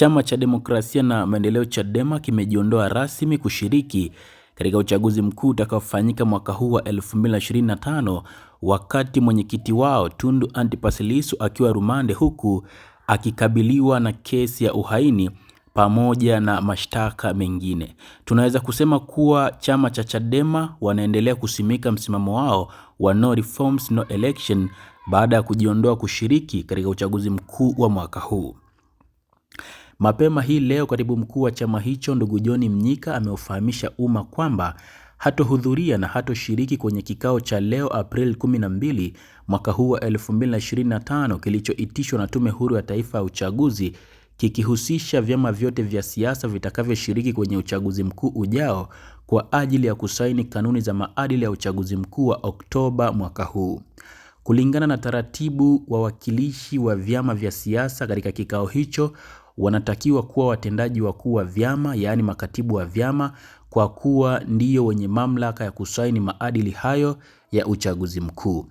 Chama cha Demokrasia na Maendeleo Chadema kimejiondoa rasmi kushiriki katika uchaguzi mkuu utakaofanyika mwaka huu wa 2025 wakati mwenyekiti wao Tundu Antipas Lissu akiwa rumande huku akikabiliwa na kesi ya uhaini pamoja na mashtaka mengine. Tunaweza kusema kuwa chama cha Chadema wanaendelea kusimika msimamo wao wa no reforms, no election baada ya kujiondoa kushiriki katika uchaguzi mkuu wa mwaka huu. Mapema hii leo katibu mkuu wa chama hicho ndugu John Mnyika ameufahamisha umma kwamba hatohudhuria na hatoshiriki kwenye kikao cha leo Aprili 12 mwaka huu wa 2025 kilichoitishwa na Tume Huru ya Taifa ya Uchaguzi kikihusisha vyama vyote vya siasa vitakavyoshiriki kwenye uchaguzi mkuu ujao kwa ajili ya kusaini kanuni za maadili ya uchaguzi mkuu wa Oktoba mwaka huu. Kulingana na taratibu, wawakilishi wa vyama vya siasa katika kikao hicho wanatakiwa kuwa watendaji wakuu wa vyama, yaani makatibu wa vyama, kwa kuwa ndiyo wenye mamlaka ya kusaini maadili hayo ya uchaguzi mkuu.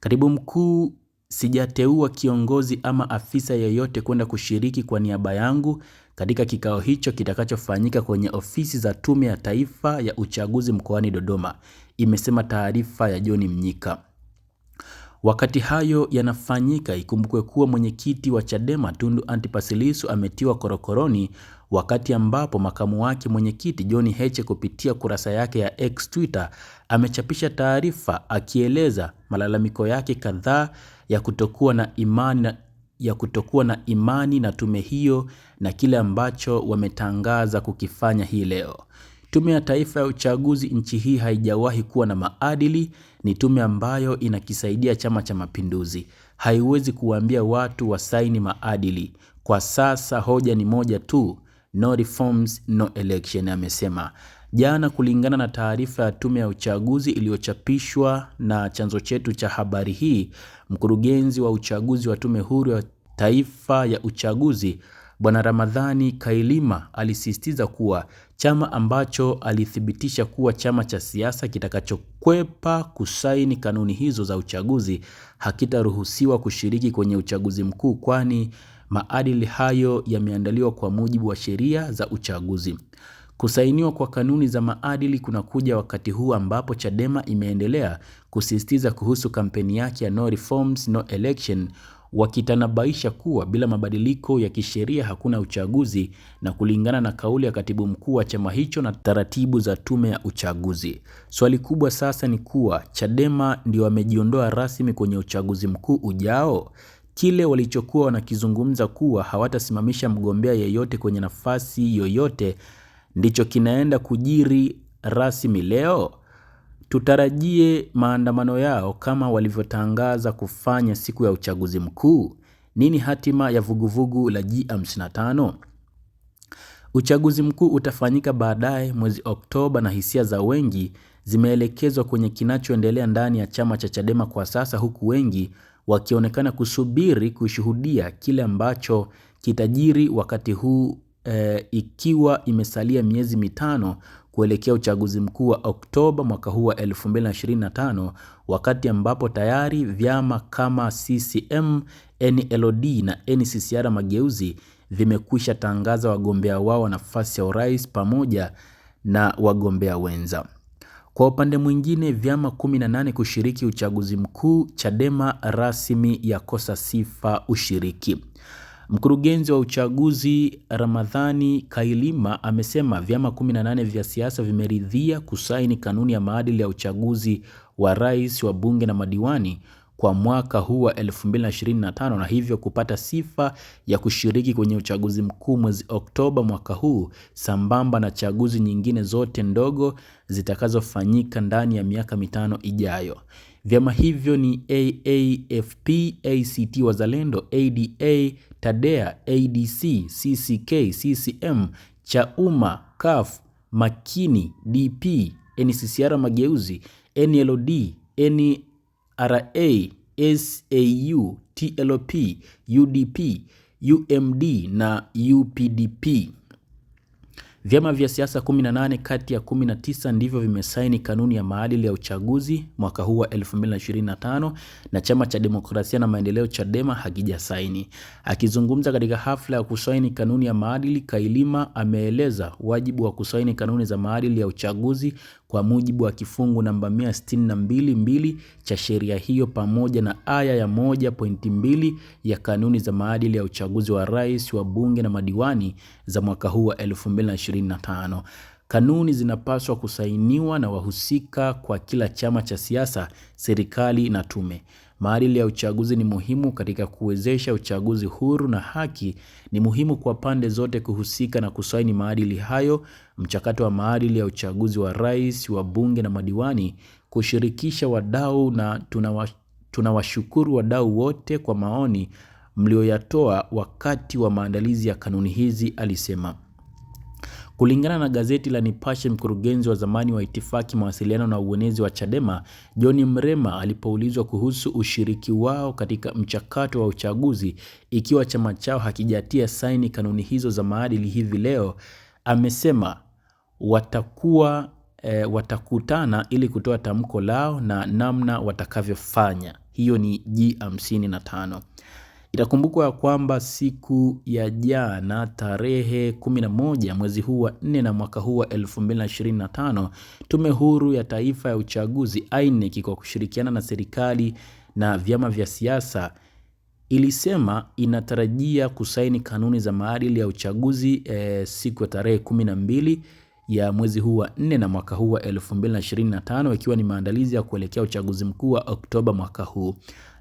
Katibu mkuu, sijateua kiongozi ama afisa yeyote kwenda kushiriki kwa niaba yangu katika kikao hicho kitakachofanyika kwenye ofisi za Tume ya Taifa ya Uchaguzi mkoani Dodoma, imesema taarifa ya John Mnyika. Wakati hayo yanafanyika, ikumbukwe kuwa mwenyekiti wa Chadema Tundu Antipas Lissu ametiwa korokoroni, wakati ambapo makamu wake mwenyekiti John Heche kupitia kurasa yake ya X Twitter amechapisha taarifa akieleza malalamiko yake kadhaa ya kutokuwa na imani na ya kutokuwa na imani na tume hiyo na kile ambacho wametangaza kukifanya hii leo. Tume ya Taifa ya Uchaguzi nchi hii haijawahi kuwa na maadili. Ni tume ambayo inakisaidia Chama cha Mapinduzi, haiwezi kuwaambia watu wasaini maadili. Kwa sasa hoja ni moja tu, no reforms, no election, amesema jana, kulingana na taarifa ya tume ya uchaguzi iliyochapishwa na chanzo chetu cha habari hii. Mkurugenzi wa uchaguzi wa Tume Huru ya Taifa ya Uchaguzi Bwana Ramadhani Kailima alisisitiza kuwa chama ambacho alithibitisha kuwa chama cha siasa kitakachokwepa kusaini kanuni hizo za uchaguzi hakitaruhusiwa kushiriki kwenye uchaguzi mkuu kwani maadili hayo yameandaliwa kwa mujibu wa sheria za uchaguzi. Kusainiwa kwa kanuni za maadili kunakuja wakati huu ambapo Chadema imeendelea kusisitiza kuhusu kampeni yake ya no reforms, no election wakitanabaisha kuwa bila mabadiliko ya kisheria hakuna uchaguzi, na kulingana na kauli ya katibu mkuu wa chama hicho na taratibu za tume ya uchaguzi. Swali kubwa sasa ni kuwa Chadema ndio wamejiondoa rasmi kwenye uchaguzi mkuu ujao? Kile walichokuwa wanakizungumza kuwa hawatasimamisha mgombea yeyote kwenye nafasi yoyote ndicho kinaenda kujiri rasmi leo. Tutarajie maandamano yao kama walivyotangaza kufanya siku ya uchaguzi mkuu. Nini hatima ya vuguvugu la G55? Uchaguzi mkuu utafanyika baadaye mwezi Oktoba na hisia za wengi zimeelekezwa kwenye kinachoendelea ndani ya chama cha Chadema kwa sasa, huku wengi wakionekana kusubiri kushuhudia kile ambacho kitajiri wakati huu e, ikiwa imesalia miezi mitano kuelekea uchaguzi mkuu wa Oktoba mwaka huu wa 2025, wakati ambapo tayari vyama kama CCM, NLD na NCCR Mageuzi vimekwisha tangaza wagombea wao nafasi ya urais pamoja na wagombea wenza. Kwa upande mwingine, vyama 18 kushiriki uchaguzi mkuu, Chadema rasmi yakosa sifa ushiriki. Mkurugenzi wa uchaguzi Ramadhani Kailima amesema vyama 18 vya siasa vimeridhia kusaini kanuni ya maadili ya uchaguzi wa rais wa bunge na madiwani kwa mwaka huu wa 2025 na hivyo kupata sifa ya kushiriki kwenye uchaguzi mkuu mwezi Oktoba mwaka huu sambamba na chaguzi nyingine zote ndogo zitakazofanyika ndani ya miaka mitano ijayo. Vyama hivyo ni AAFP, ACT Wazalendo, ADA TADEA, ADC, CCK, CCM, chauma CAF, MAKINI, DP, NCCR Mageuzi, NLD, NRA, SAU, TLP, UDP, UMD na UPDP. Vyama vya siasa 18 kati ya 19 ndivyo vimesaini kanuni ya maadili ya uchaguzi mwaka huu wa 2025 na chama cha demokrasia na maendeleo Chadema hakijasaini. Akizungumza katika hafla ya kusaini kanuni ya maadili, Kailima ameeleza wajibu wa kusaini kanuni za maadili ya uchaguzi kwa mujibu wa kifungu namba 162(2) cha sheria hiyo pamoja na aya ya 1.2 ya kanuni za maadili ya uchaguzi wa rais, wa bunge na madiwani za mwaka huu wa 2025. Kanuni zinapaswa kusainiwa na wahusika kwa kila chama cha siasa, serikali na tume. Maadili ya uchaguzi ni muhimu katika kuwezesha uchaguzi huru na haki. Ni muhimu kwa pande zote kuhusika na kusaini maadili hayo. Mchakato wa maadili ya uchaguzi wa rais, wa bunge na madiwani kushirikisha wadau na tunawashukuru wadau wote kwa maoni mlioyatoa wakati wa maandalizi ya kanuni hizi alisema. Kulingana na gazeti la Nipashe, mkurugenzi wa zamani wa itifaki, mawasiliano na uenezi wa Chadema John Mrema alipoulizwa kuhusu ushiriki wao katika mchakato wa uchaguzi ikiwa chama chao hakijatia saini kanuni hizo za maadili hivi leo, amesema watakuwa e, watakutana ili kutoa tamko lao na namna watakavyofanya. Hiyo ni G55. Itakumbukwa ya kwamba siku ya jana tarehe 11 mwezi huu wa 4 na mwaka huu wa 2025 Tume Huru ya Taifa ya Uchaguzi INEC kwa kushirikiana na serikali na vyama vya siasa ilisema inatarajia kusaini kanuni za maadili ya uchaguzi eh, siku ya tarehe 12 ya mwezi huu wa nne na mwaka huu wa 2025 ikiwa ni maandalizi ya kuelekea uchaguzi mkuu wa Oktoba mwaka huu.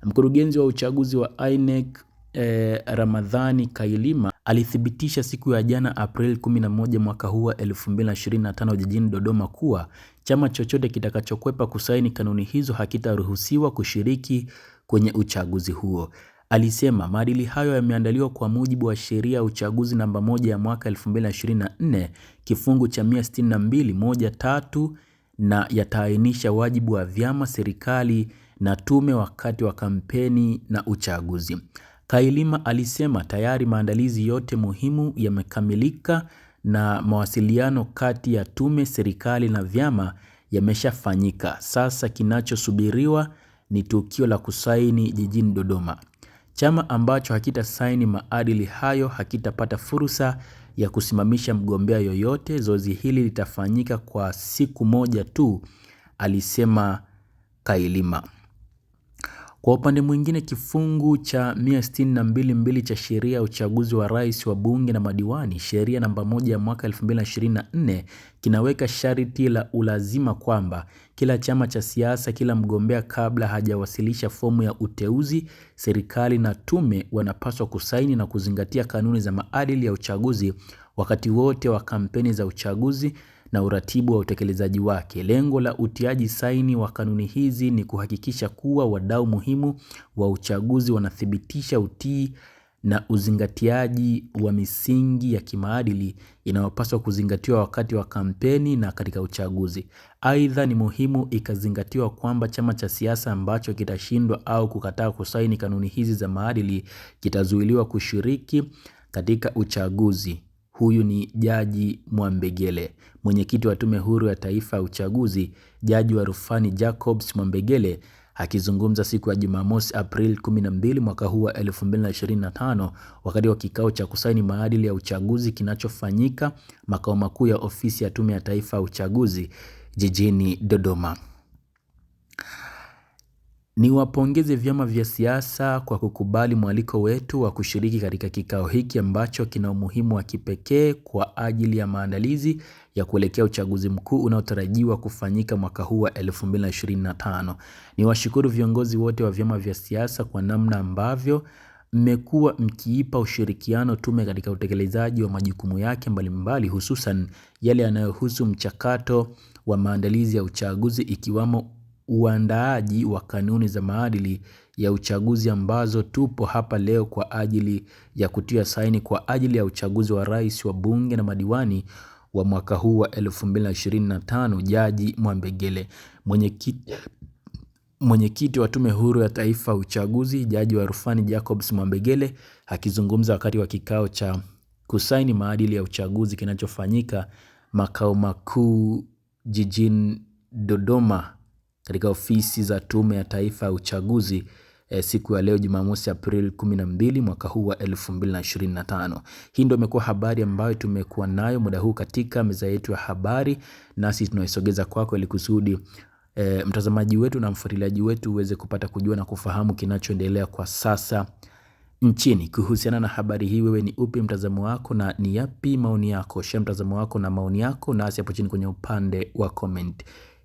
Mkurugenzi wa uchaguzi wa INEC eh, Ramadhani Kailima alithibitisha siku ya jana Aprili 11 mwaka huu wa 2025 jijini Dodoma kuwa chama chochote kitakachokwepa kusaini kanuni hizo hakitaruhusiwa kushiriki kwenye uchaguzi huo alisema maadili hayo yameandaliwa kwa mujibu wa sheria ya uchaguzi namba moja ya mwaka 2024 kifungu cha 162 na yataainisha wajibu wa vyama, serikali na tume wakati wa kampeni na uchaguzi. Kailima alisema tayari maandalizi yote muhimu yamekamilika na mawasiliano kati ya tume, serikali na vyama yameshafanyika. Sasa kinachosubiriwa ni tukio la kusaini jijini Dodoma. Chama ambacho hakita saini maadili hayo hakitapata fursa ya kusimamisha mgombea yoyote. Zoezi hili litafanyika kwa siku moja tu, alisema Kailima. Kwa upande mwingine kifungu cha 162 cha sheria ya uchaguzi wa rais wa bunge na madiwani sheria namba moja ya mwaka 2024 kinaweka sharti la ulazima kwamba kila chama cha siasa, kila mgombea kabla hajawasilisha fomu ya uteuzi, serikali na tume wanapaswa kusaini na kuzingatia kanuni za maadili ya uchaguzi wakati wote wa kampeni za uchaguzi na uratibu wa utekelezaji wake. Lengo la utiaji saini wa kanuni hizi ni kuhakikisha kuwa wadau muhimu wa uchaguzi wanathibitisha utii na uzingatiaji wa misingi ya kimaadili inayopaswa kuzingatiwa wakati wa kampeni na katika uchaguzi. Aidha, ni muhimu ikazingatiwa kwamba chama cha siasa ambacho kitashindwa au kukataa kusaini kanuni hizi za maadili kitazuiliwa kushiriki katika uchaguzi. Huyu ni Jaji Mwambegele. Mwenyekiti wa Tume Huru ya Taifa ya Uchaguzi, Jaji wa Rufani Jacobs Mwambegele akizungumza siku ya Jumamosi Aprili 12 mwaka huu wa 2025 wakati wa kikao cha kusaini maadili ya uchaguzi kinachofanyika makao makuu ya ofisi ya Tume ya Taifa ya Uchaguzi jijini Dodoma. Niwapongeze vyama vya siasa kwa kukubali mwaliko wetu wa kushiriki katika kikao hiki ambacho kina umuhimu wa kipekee kwa ajili ya maandalizi ya kuelekea uchaguzi mkuu unaotarajiwa kufanyika mwaka huu wa 2025. Niwashukuru viongozi wote wa vyama vya siasa kwa namna ambavyo mmekuwa mkiipa ushirikiano tume katika utekelezaji wa majukumu yake mbalimbali hususan yale yanayohusu mchakato wa maandalizi ya uchaguzi ikiwamo uandaaji wa kanuni za maadili ya uchaguzi ambazo tupo hapa leo kwa ajili ya kutia saini kwa ajili ya uchaguzi wa rais wa bunge na madiwani wa mwaka huu wa 2025. Jaji Mwambegele, mwenyekiti mwenyekiti wa Tume Huru ya Taifa Uchaguzi, Jaji wa Rufani Jacobs Mwambegele akizungumza wakati wa kikao cha kusaini maadili ya uchaguzi kinachofanyika makao makuu jijini Dodoma katika ofisi za Tume ya Taifa ya Uchaguzi e, siku ya leo Jumamosi April 12 mwaka huu wa 2025. Hii ndio imekuwa habari ambayo tumekuwa nayo muda huu katika meza yetu ya habari, nasi tunaisogeza kwako ili kusudi e, mtazamaji wetu na mfuatiliaji wetu uweze kupata kujua na kufahamu kinachoendelea kwa sasa nchini kuhusiana na habari hii. Wewe ni upi mtazamo wako na ni yapi maoni yako? Share mtazamo wako na maoni yako nasi hapo chini kwenye upande wa comment.